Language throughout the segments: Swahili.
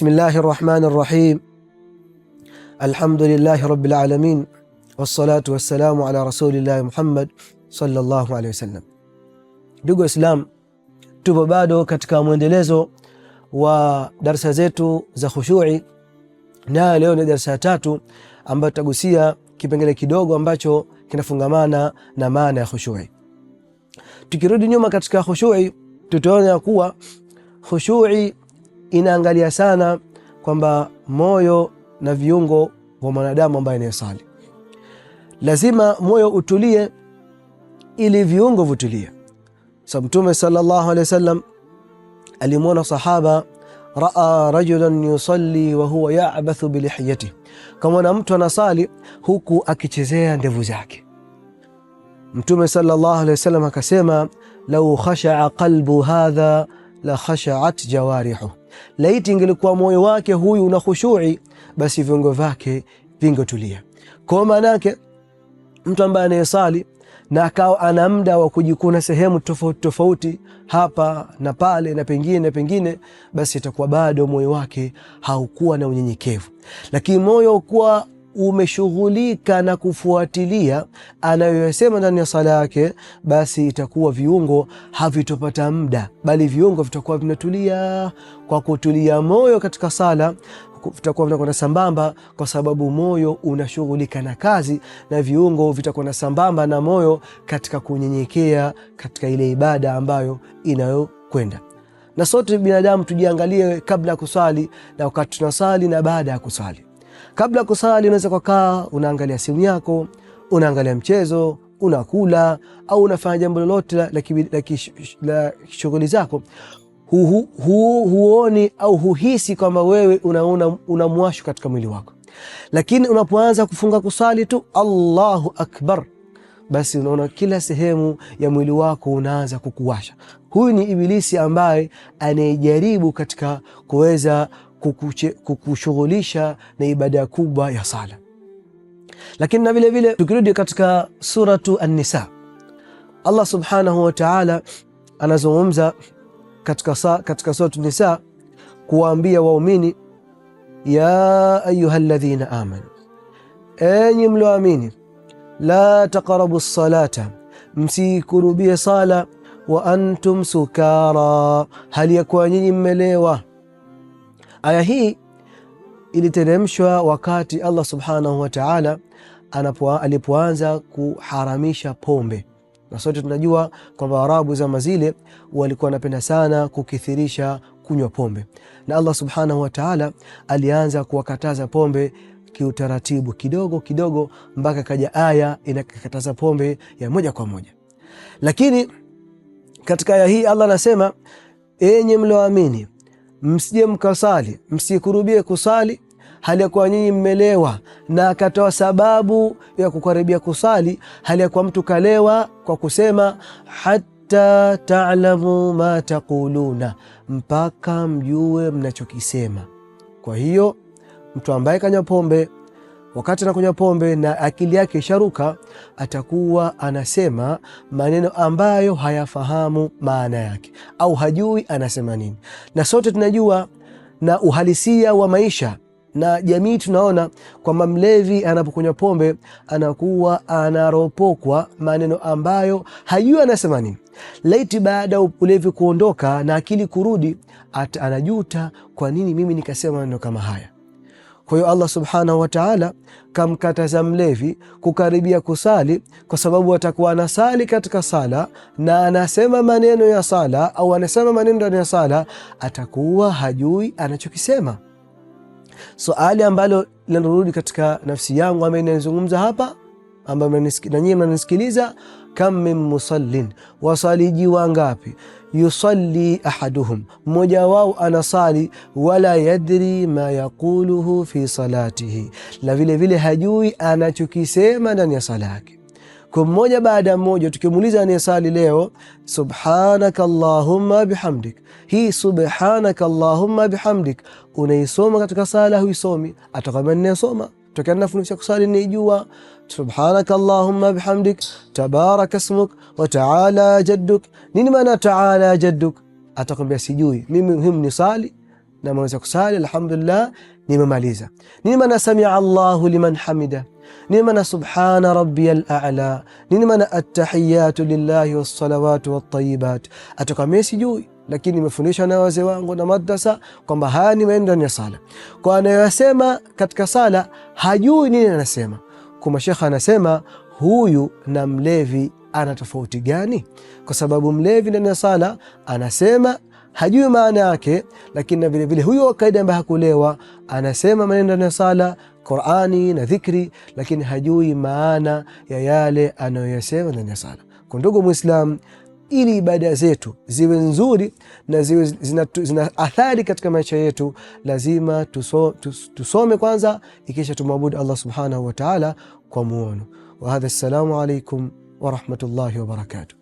Bismillahi rahmani rahim, alhamdulillahi rabbil alamin, wassalatu wassalamu ala rasulillahi Muhammad sallallahu alaihi wasallam. Ndugu Waislam, tupo bado katika mwendelezo wa darsa zetu za khushui, na leo ni darsa ya tatu ambayo tutagusia kipengele kidogo ambacho kinafungamana na maana ya khushui. Tukirudi nyuma katika khushui, tutaona ya kuwa khushui inaangalia sana kwamba moyo na viungo vya mwanadamu ambaye anayesali, lazima moyo utulie ili viungo vitulie. So Mtume sallallahu alaihi wasallam alimwona sahaba raa rajulan yusalli wa huwa yabathu bilihiyatihi, kamwona mtu anasali huku akichezea ndevu zake. Mtume sallallahu alaihi wasallam akasema, lau khashaa qalbu hadha la khashaat jawarihu Laiti ingelikuwa moyo wake huyu una khushui, basi viungo vyake vingetulia. Kwa maana yake mtu ambaye anayesali na akawa ana muda wa kujikuna sehemu tofauti tofauti, hapa na pale na pengine na pengine, basi itakuwa bado moyo wake haukuwa na unyenyekevu, lakini moyo kuwa umeshughulika na kufuatilia anayoyasema ndani ya sala yake, basi itakuwa viungo havitopata muda, bali viungo vitakuwa vinatulia kwa kutulia moyo katika sala vitakuwa vinakwenda sambamba, kwa sababu moyo unashughulika na kazi, na viungo vitakuwa na sambamba na moyo katika kunyenyekea katika ile ibada ambayo inayokwenda. Na sote binadamu tujiangalie kabla ya kuswali na wakati tunasali na baada ya kuswali. Kabla kusali, unaweza kukaa unaangalia simu yako, unaangalia mchezo, unakula au unafanya jambo lolote la, la, la, la shughuli zako hu, hu, huoni au huhisi kwamba wewe unaona una katika mwili wako, lakini unapoanza kufunga kusali tu Allahu akbar, basi unaona kila sehemu ya mwili wako unaanza kukuwasha. Huyu ni Ibilisi ambaye anayejaribu katika kuweza kukushughulisha na ibada kubwa ya sala. Lakini na vilevile vile tukirudi katika suratu An-Nisa, Allah subhanahu wa ta'ala anazungumza katika, katika suratu nisa kuwaambia waumini, ya ayuha ayyuhalladhina amanu, enyi mlioamini, la taqrabu salata, msiikurubie sala, wa antum sukara, hali ya kuwa nyinyi mmelewa Aya hii iliteremshwa wakati Allah subhanahu wa ta'ala alipoanza kuharamisha pombe, na sote tunajua kwamba Waarabu zama zile walikuwa wanapenda sana kukithirisha kunywa pombe, na Allah subhanahu wa ta'ala alianza kuwakataza pombe kiutaratibu, kidogo kidogo, mpaka kaja aya inakataza pombe ya moja kwa moja. Lakini katika aya hii Allah anasema, enyi mloamini msije mkasali, msikurubie kusali hali ya kuwa nyinyi mmelewa, na akatoa sababu ya kukaribia kusali hali ya kuwa mtu kalewa, kwa kusema hatta taalamu ma taquluna, mpaka mjue mnachokisema. Kwa hiyo mtu ambaye kanywa pombe wakati anakunywa pombe na akili yake isharuka, atakuwa anasema maneno ambayo hayafahamu maana yake au hajui anasema nini. Na sote tunajua na uhalisia wa maisha na jamii tunaona kwamba mlevi anapokunywa pombe anakuwa anaropokwa maneno ambayo hajui anasema nini. Laiti baada ya ulevi kuondoka na akili kurudi, anajuta, kwa nini mimi nikasema maneno kama haya? Kwa hiyo Allah subhanahu wa ta'ala kamkataza mlevi kukaribia kusali, kwa sababu atakuwa anasali katika sala na anasema maneno ya sala au anasema maneno ndani ya sala, atakuwa hajui anachokisema. Swali so, ambalo linarudi katika nafsi yangu ambaye inazungumza hapa, ambaye na nyinyi mnanisikiliza kam min musallin, wasaliji wangapi? Yusalli ahaduhum, mmoja wao anasali. Wala yadri ma yaquluhu fi salatihi, la vile vile hajui anachokisema ndani ya sala yake. Kwa mmoja baada ya mmoja, tukimuuliza anayesali leo, subhanaka allahumma bihamdik, hii subhanaka allahumma bihamdik unaisoma katika sala, huisomi? Atakwambia ninasoma تكلف نفسك صار اني جوا سبحانك اللهم بحمدك تبارك اسمك وتعالى جدك نين ما تعالى جدك اتقم بس جوي مين مهم نصالي نما نفسك صالي نعم الحمد لله نما ماليزا نما سمع الله لمن حمده نما سبحان ربي الاعلى نما التحيات لله والصلوات والطيبات اتقم بس جوي lakini nimefundishwa na wazee wangu na madrasa kwamba haya ni maneno ndani ya sala. Kwa anayosema katika sala hajui nini anasema. Kuma mashekha anasema huyu na mlevi ana tofauti gani? Kwa sababu mlevi ndani ya sala anasema hajui maana yake, lakini na vile vile huyo wa kaida ambaye hakulewa anasema maneno ndani ya sala Qur'ani na dhikri, lakini hajui maana ya yale anayoyasema ndani ya sala. Kwa ndugu Muislam ili ibada zetu ziwe nzuri na ziwe zina, zina athari katika maisha yetu, lazima tuso, tus, tusome kwanza, ikisha tumwabudu Allah subhanahu wa ta'ala kwa muono wa hadha. Assalamu alaikum warahmatullahi wabarakatuh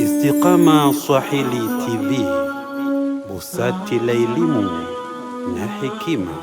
Istiqama Swahili TV, busati la elimu na hekima.